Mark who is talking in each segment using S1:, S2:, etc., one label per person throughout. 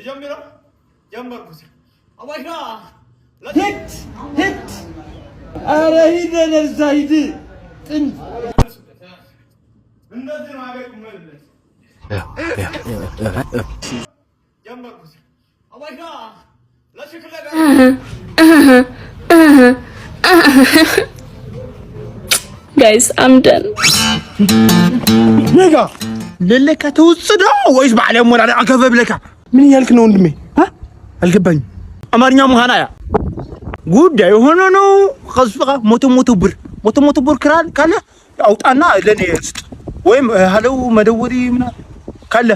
S1: يجمر جمر كرسي أبايا
S2: هت هت أرهيدا الزايدي تنت
S1: እንደዚህ ነው አቤት መልስ
S3: ጀመር ኩሲ አባይካ ለሽክለ
S4: ጋይስ አምደን
S5: ነጋ ምን እያልክ ነው ወንድሜ? አልገባኝ። አማርኛ ሙሃና ያ ጉዳይ የሆነ ነው። ከሱፈቃ ሞቶ ሞቶ ብር ሞቶ ሞቶ ብር ክራል ካለ አውጣና ለኔ ስጥ፣ ወይም ሀለው መደወሪ ምና ካለ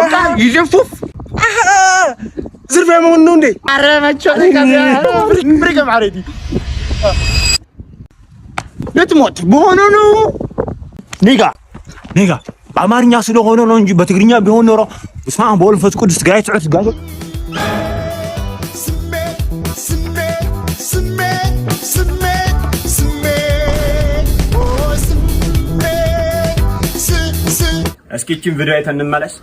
S5: አውጣ ይጀፉፍ ዝርፊያ መሆን ነው እንዴ?
S6: አረመቸው
S5: ብር ገም አረዲ ልትሞት በሆነ ነው ኒጋ ኒጋ አማርኛ ስለሆነ ነው እንጂ በትግርኛ ቢሆን ኖሮ ስማ በወልፈት ቅዱስ ትግራይ ትዑት ጋዞ
S7: እስኪችን ቪዲዮ አይተን እንመለስ።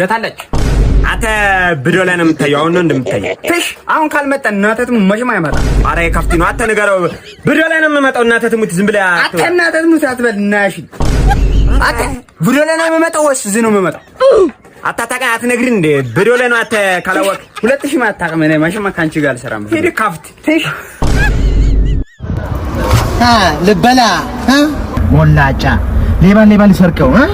S7: የታለች አንተ ቪዲዮ ላይ ነው የምታየው። አሁን ነው እንደምታየው።
S8: ትሽ አሁን ካልመጣ እናተትም ትሙት መቼም አይመጣም።
S7: ኧረ የከፍቲ ነው። አንተ ንገረው። ቪዲዮ ላይ ነው የምመጣው። እናተትም ትሙት ዝም ብለህ
S8: አንተ እናተ ትሙት አትበል። ቪዲዮ ላይ ነው የምመጣው ወይስ እዚህ ነው የምመጣው?
S7: አታጣቃ አትነግሪን ቪዲዮ ላይ ነው አተ ካላወቅ ሁለት ሺህ ማታቀም እኔ ማሽማ ካንቺ ጋር አልሰራም።
S8: ሄድ ካፍት ትሽ
S9: አ ልበላ አ ሞላጫ ሌባ ሌባ ሊሰርቀው አ